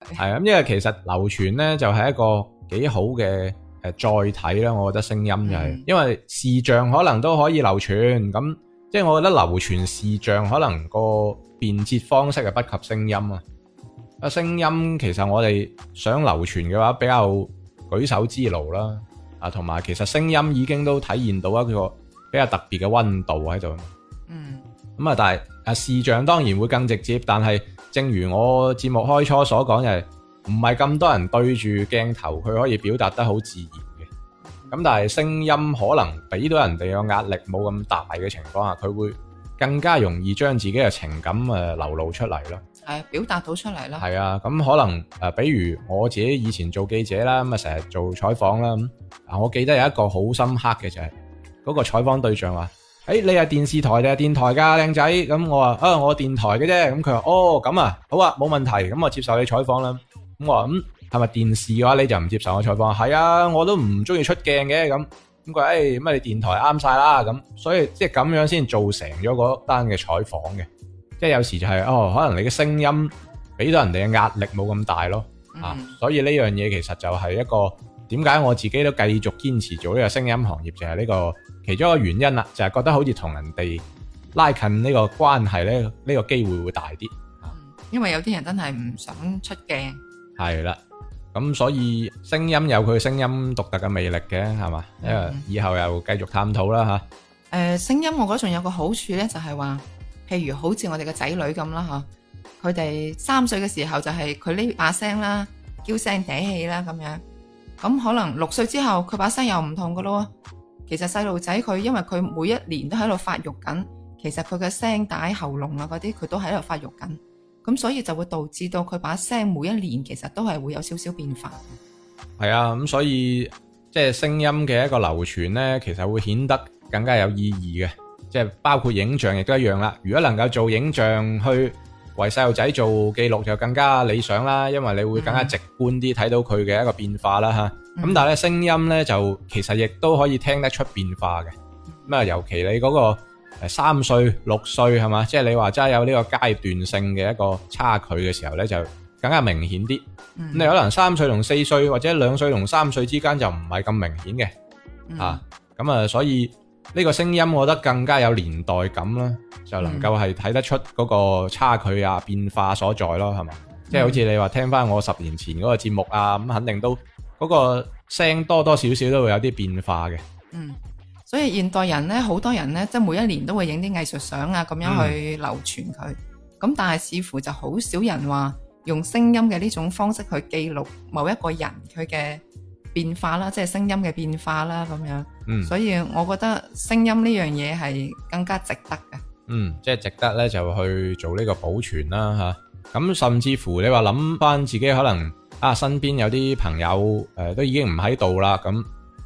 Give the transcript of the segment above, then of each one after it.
係啊，咁因為其實流傳咧就係一個幾好嘅誒載體啦，我覺得聲音就係、是，mm hmm. 因為視像可能都可以流傳，咁即係我覺得流傳視像可能個便捷方式係不及聲音啊，啊聲音其實我哋想流傳嘅話比較舉手之勞啦，啊同埋其實聲音已經都體現到一個比較特別嘅溫度喺度，嗯、mm，咁、hmm. 啊但係。視像當然會更直接，但係正如我節目開初所講，就係唔係咁多人對住鏡頭，佢可以表達得好自然嘅。咁但係聲音可能俾到人哋嘅壓力冇咁大嘅情況下，佢會更加容易將自己嘅情感誒流露出嚟咯。係，表達到出嚟咯。係啊，咁可能誒、呃，比如我自己以前做記者啦，咁啊成日做採訪啦。啊、嗯，我記得有一個好深刻嘅就係、是、嗰個採訪對象話。誒、哎，你係電視台定係電台噶，靚仔？咁、嗯、我話啊，我電台嘅啫。咁佢話哦，咁啊，好啊，冇問題。咁、嗯、我接受你採訪啦。咁、嗯、我話咁係咪電視嘅話，你就唔接受我採訪？係、嗯、啊，我都唔中意出鏡嘅。咁咁佢誒，咁、嗯、啊、哎嗯，乜你電台啱晒。啦。咁、嗯、所以即係咁樣先做成咗嗰單嘅採訪嘅。即係有時就係、是、哦，可能你嘅聲音俾到人哋嘅壓力冇咁大咯。啊，嗯、所以呢樣嘢其實就係一個點解我自己都繼續堅持做呢個聲音行業就係、是、呢、這個。其中一個原因啦，就係覺得好似同人哋拉近呢個關係咧，呢個機會會大啲。嗯，因為有啲人真係唔想出鏡。係啦，咁所以聲音有佢聲音獨特嘅魅力嘅，係嘛？誒，以後又繼續探討啦，吓。誒，聲音我覺得仲有個好處咧，就係話，譬如好似我哋嘅仔女咁啦，吓，佢哋三歲嘅時候就係佢呢把聲啦，嬌聲嗲氣啦咁樣，咁可能六歲之後佢把聲又唔同噶咯喎。其實細路仔佢因為佢每一年都喺度發育緊，其實佢嘅聲帶、喉嚨啊嗰啲，佢都喺度發育緊，咁所以就會導致到佢把聲每一年其實都係會有少少變化。係啊，咁、嗯、所以即係、就是、聲音嘅一個流傳咧，其實會顯得更加有意義嘅，即、就、係、是、包括影像亦都一樣啦。如果能夠做影像去為細路仔做記錄，就更加理想啦，因為你會更加直觀啲睇、嗯、到佢嘅一個變化啦，吓。咁、嗯、但係咧聲音咧就其實亦都可以聽得出變化嘅，咁啊、嗯、尤其你嗰個誒三歲六歲係嘛，即係、就是、你話真係有呢個階段性嘅一個差距嘅時候咧就更加明顯啲，嗯、你可能三歲同四歲或者兩歲同三歲之間就唔係咁明顯嘅，嗯、啊咁啊所以呢個聲音我覺得更加有年代感啦，就能夠係睇得出嗰個差距啊變化所在咯，係嘛，即、就、係、是、好似你話聽翻我十年前嗰個節目啊，咁肯定都。嗰個聲多多少少都會有啲變化嘅，嗯，所以現代人咧，好多人咧，即係每一年都會影啲藝術相啊，咁樣去流傳佢，咁但係似乎就好少人話用聲音嘅呢種方式去記錄某一個人佢嘅變化啦，即係聲音嘅變化啦，咁樣，嗯，所以我覺得聲音呢樣嘢係更加值得嘅，嗯，即係值得咧就去做呢個保存啦，吓，咁甚至乎你話諗翻自己可能。啊，身邊有啲朋友誒、呃，都已經唔喺度啦，咁、嗯、誒、嗯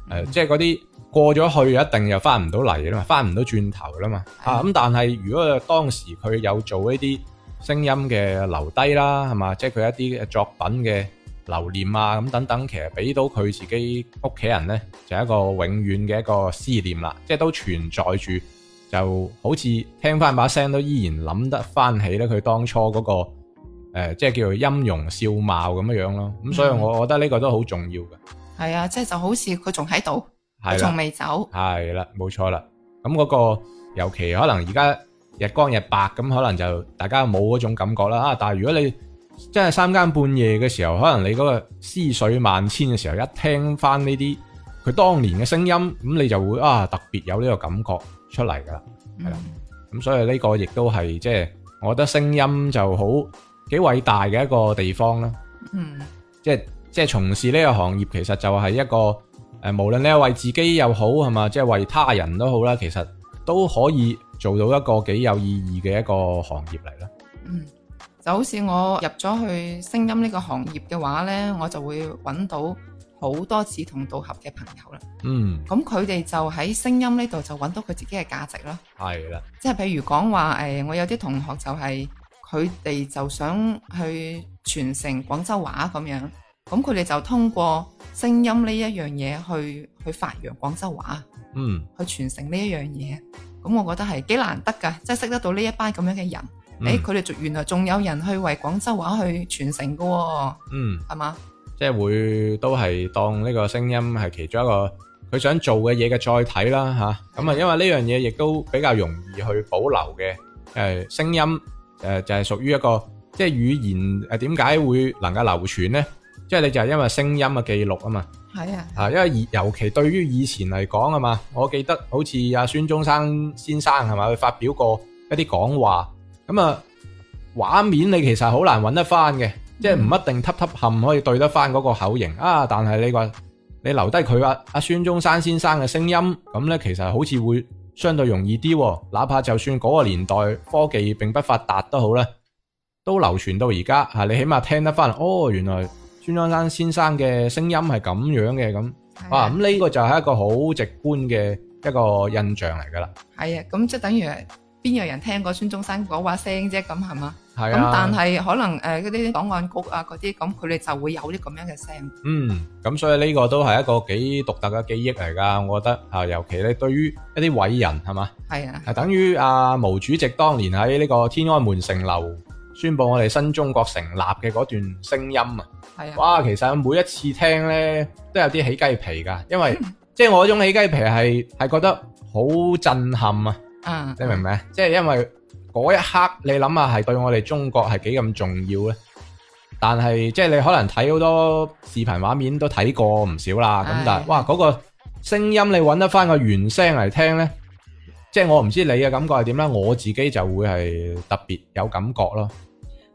呃，即係嗰啲過咗去一定又翻唔到嚟啦，嘛，翻唔到轉頭啦嘛。啊，咁但係如果當時佢有做一啲聲音嘅留低啦，係嘛，即係佢一啲作品嘅留念啊，咁等等，其實俾到佢自己屋企人咧，就係、一個永遠嘅一個思念啦，即係都存在住，就好似聽翻把聲都依然諗得翻起咧，佢當初嗰、嗰個。誒、嗯，即係叫做音容笑貌咁樣樣咯，咁、嗯嗯、所以我覺得呢個都好重要嘅。係啊，即、就、係、是、就好似佢仲喺度，佢仲未走。係、啊、啦，冇錯啦。咁、那、嗰個尤其可能而家日光日白，咁、嗯、可能就大家冇嗰種感覺啦。啊，但係如果你真係三更半夜嘅時候，可能你嗰個思緒萬千嘅時候，一聽翻呢啲佢當年嘅聲音，咁、嗯、你就會啊特別有呢個感覺出嚟噶啦。嗯。咁、啊、所以呢個亦都係即係，就是、我覺得聲音就好。幾偉大嘅一個地方啦，嗯，即係即係從事呢個行業，其實就係一個誒，無論你係為自己又好係嘛，即係為他人都好啦，其實都可以做到一個幾有意義嘅一個行業嚟啦。嗯，就好似我入咗去聲音呢個行業嘅話咧，我就會揾到好多志同道合嘅朋友啦。嗯，咁佢哋就喺聲音呢度就揾到佢自己嘅價值咯。係啦，即係譬如講話誒，我有啲同學就係。佢哋就想去傳承廣州話咁樣，咁佢哋就通過聲音呢一樣嘢去去發揚廣州話，嗯，去傳承呢一樣嘢。咁我覺得係幾難得噶，即係識得到呢一班咁樣嘅人。誒，佢哋仲原來仲有人去為廣州話去傳承噶，嗯，係嘛，即係會都係當呢個聲音係其中一個佢想做嘅嘢嘅載體啦，吓咁啊。因為呢樣嘢亦都比較容易去保留嘅誒聲音。誒，就係屬於一個即係語言誒，點解會能夠流傳呢？即係你就係因為聲音嘅記錄啊嘛，係啊，啊，因為尤其對於以前嚟講啊嘛，我記得好似阿孫中山先生係咪佢發表過一啲講話，咁啊，畫面你其實好難揾得翻嘅，嗯、即係唔一定凸凸冚可以對得翻嗰個口型啊，但係你話你留低佢阿阿孫中山先生嘅聲音，咁呢，其實好似會。相對容易啲，哪怕就算嗰個年代科技並不發達都好啦，都流傳到而家吓，你起碼聽得翻，哦，原來孫中山先生嘅聲音係咁樣嘅。咁，啊，咁呢個就係一個好直觀嘅一個印象嚟噶啦。係啊，咁即等於。邊有人聽過孫中山講話聲啫？咁係嘛？係啊。咁但係可能誒嗰啲檔案局啊嗰啲，咁佢哋就會有啲咁樣嘅聲。嗯，咁所以呢個都係一個幾獨特嘅記憶嚟㗎。我覺得啊，尤其咧對於一啲偉人係嘛，係啊，係等於阿、啊、毛主席當年喺呢個天安門城樓宣佈我哋新中國成立嘅嗰段聲音啊。係啊。哇，其實每一次聽咧，都有啲起雞皮㗎，因為即係、嗯、我嗰種起雞皮係係覺得好震撼啊！嗯，你明唔明？即係因為嗰一刻你諗下係對我哋中國係幾咁重要咧？但係即係你可能睇好多視頻畫面都睇過唔少啦，咁、哎、但係哇，嗰、嗰個聲音你搵得翻個原聲嚟聽咧，即係我唔知你嘅感覺係點咧，我自己就會係特別有感覺咯。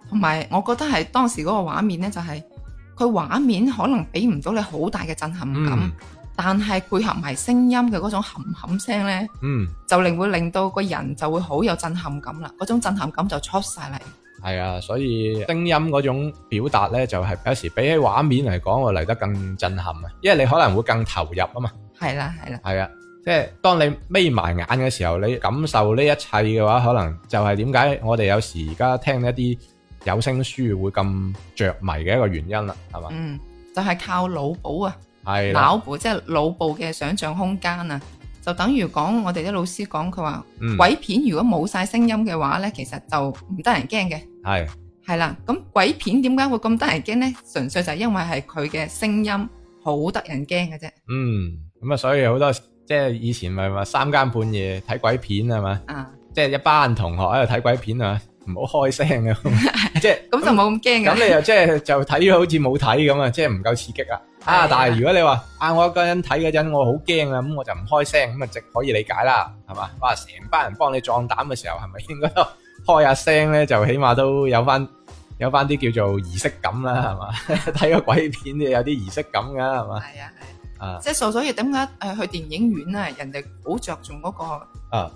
同埋我覺得係當時嗰個畫面咧、就係，就係佢畫面可能俾唔到你好大嘅震撼感。嗯但係配合埋聲音嘅嗰種冚冚聲咧，嗯、就令會令到個人就會好有震撼感啦，嗰種震撼感就出晒嚟。係啊，所以聲音嗰種表達咧，就係有時比起畫面嚟講，我嚟得更震撼啊，因為你可能會更投入啊嘛。係啦，係啦，係啊，即係當你眯埋眼嘅時候，你感受呢一切嘅話，可能就係點解我哋有時而家聽一啲有聲書會咁着迷嘅一個原因啦，係嘛？嗯，就係靠腦補啊。腦部即係腦部嘅想象空間啊，就等於講我哋啲老師講佢話，鬼片如果冇晒聲音嘅話咧，其實就唔得人驚嘅。係係啦，咁鬼片點解會咁得人驚咧？純粹就係因為係佢嘅聲音好得人驚嘅啫。嗯，咁啊，所以好多即係以前咪話三更半夜睇鬼片係嘛，即係一班同學喺度睇鬼片啊，唔好開聲嘅，即係咁就冇咁驚嘅。咁你又即係就睇咗好似冇睇咁啊，即係唔夠刺激啊！啊！但係如果你話啊，我一個人睇嗰陣我好驚啊，咁我就唔開聲咁啊，就直可以理解啦，係嘛？話成班人幫你壯膽嘅時候，係咪應該都開下聲咧？就起碼都有翻有翻啲叫做儀式感啦，係嘛？睇 個鬼片都有啲儀式感噶，係嘛？係啊，啊，即所以點解誒去電影院咧，人哋好着重嗰個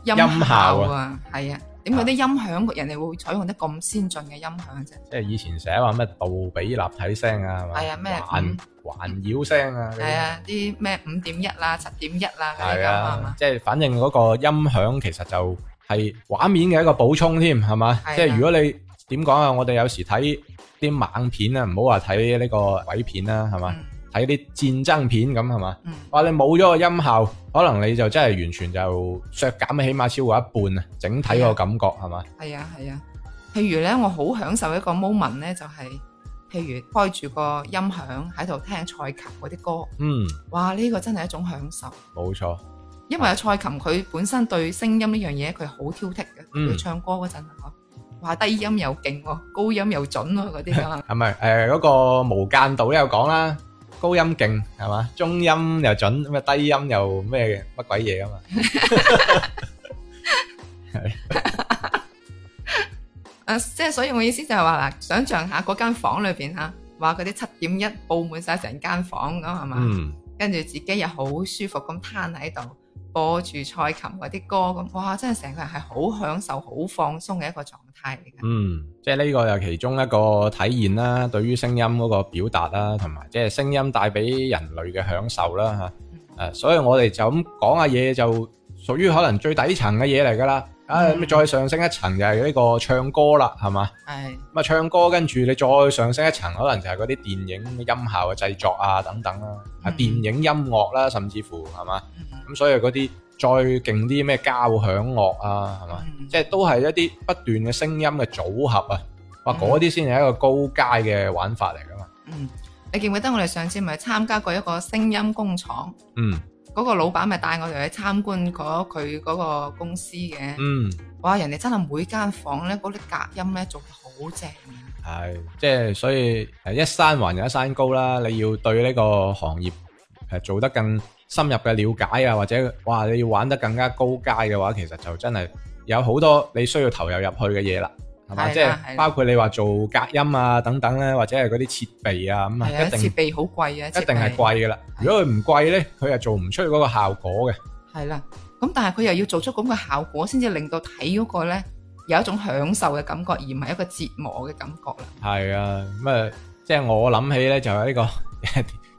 音啊音效啊，係啊。點解啲音響，係啊、人哋會採用得咁先進嘅音響啫。即係以前成日話咩杜比立體聲啊，啊環，環繞聲啊，係啊啲咩五點一啦、七點一啦，係啊，即係反正嗰個音響其實就係畫面嘅一個補充添，係嘛？即係係、啊、如果你點講啊，我哋有時睇啲猛片啦，唔好話睇呢個鬼片啦，係嘛？嗯睇啲戰爭片咁係嘛，話、嗯、你冇咗個音效，可能你就真係完全就削減，起碼超過一半啊！整體個感覺係嘛？係、嗯、吧啊係啊，譬如咧，我好享受一個 moment 咧，就係、是、譬如開住個音響喺度聽蔡琴嗰啲歌，嗯，哇呢、這個真係一種享受。冇錯錯，因為啊蔡琴佢本身對聲音呢樣嘢佢好挑剔嘅，佢、嗯、唱歌嗰陣嗬，哇低音又勁、啊，高音又準咯，嗰啲啊。係咪誒嗰個無間道都有講啦？ 高音勁係嘛，中音又準，咁低音又咩嘅，乜鬼嘢啊嘛，係，誒，即係所以我意思就係話嗱，想象下嗰間房裏邊吓，話佢啲七點一布滿晒成間房咁係嘛，跟住、嗯、自己又好舒服咁攤喺度。播住蔡琴嗰啲歌咁，哇！真係成個人係好享受、好放鬆嘅一個狀態嚟嘅。嗯，即係呢個又其中一個體驗啦，對於聲音嗰個表達啦，同埋即係聲音帶畀人類嘅享受啦，吓、嗯。誒、啊，所以我哋就咁講下嘢就。屬於可能最底層嘅嘢嚟噶啦，嗯、啊咁啊再上升一層就係呢個唱歌啦，係嘛？係咁啊唱歌跟住你再上升一層，可能就係嗰啲電影音效嘅製作啊等等啦、啊，嗯、啊電影音樂啦，甚至乎係嘛？咁、嗯啊、所以嗰啲再勁啲咩交響樂啊，係嘛？嗯、即係都係一啲不斷嘅聲音嘅組合啊，哇！嗰啲先係一個高階嘅玩法嚟噶嘛。嗯，你記唔記得我哋上次咪參加過一個聲音工廠？嗯。嗰個老闆咪帶我哋去參觀嗰佢嗰個公司嘅，嗯，哇！人哋真係每間房咧，嗰啲隔音咧做得好正。係，即係所以，一山還有一山高啦。你要對呢個行業係做得更深入嘅了解啊，或者哇，你要玩得更加高階嘅話，其實就真係有好多你需要投入入去嘅嘢啦。即係包括你話做隔音啊等等咧，或者係嗰啲設備啊，咁啊，一定設備好貴啊，一定係貴噶啦。如果佢唔貴咧，佢又做唔出嗰個效果嘅。係啦，咁但係佢又要做出咁個效果，先至令到睇嗰個咧有一種享受嘅感覺，而唔係一個折磨嘅感覺啦。係啊，咁啊，即係我諗起咧就係呢個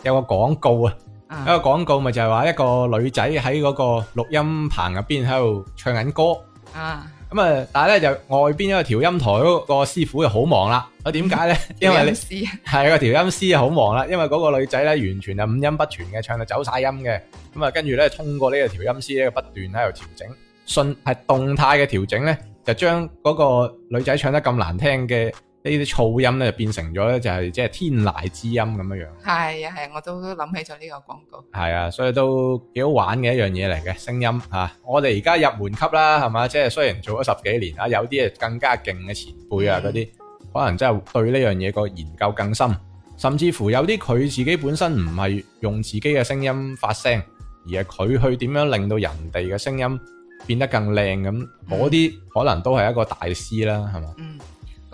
有個廣告啊，一個廣告咪就係話一個女仔喺嗰個錄音棚入邊喺度唱緊歌啊。咁啊，但係咧就外邊一個調音台嗰個師傅就好忙啦。我點解咧？因為咧係個調音師啊，好忙啦。因為嗰個女仔咧，完全係五音不全嘅，唱到走晒音嘅。咁啊，跟住咧通過呢個調音師咧，不斷喺度調整，信係動態嘅調整咧，就將嗰個女仔唱得咁難聽嘅，呢啲噪音咧就變成咗咧，就係即係天籟之音咁樣樣。係啊，係啊，我都諗起咗呢個廣告。係啊，所以都幾好玩嘅一樣嘢嚟嘅聲音吓、啊。我哋而家入門級啦，係嘛？即係雖然做咗十幾年啊，有啲係更加勁嘅前輩啊，嗰啲、嗯、可能真係對呢樣嘢個研究更深。甚至乎有啲佢自己本身唔係用自己嘅聲音發聲，而係佢去點樣令到人哋嘅聲音變得更靚咁，嗰啲可能都係一個大師啦，係嘛？嗯。吧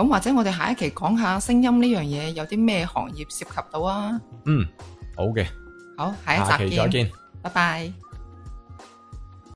咁或者我哋下一期講下聲音呢樣嘢有啲咩行業涉及到啊？嗯，好嘅，好，下一集下期再見，拜拜。